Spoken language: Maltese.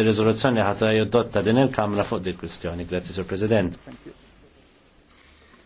il riżoluzzjoni ħata jiddotta din il-Kamra fuq dik kwistjoni. Grazie, Sir President.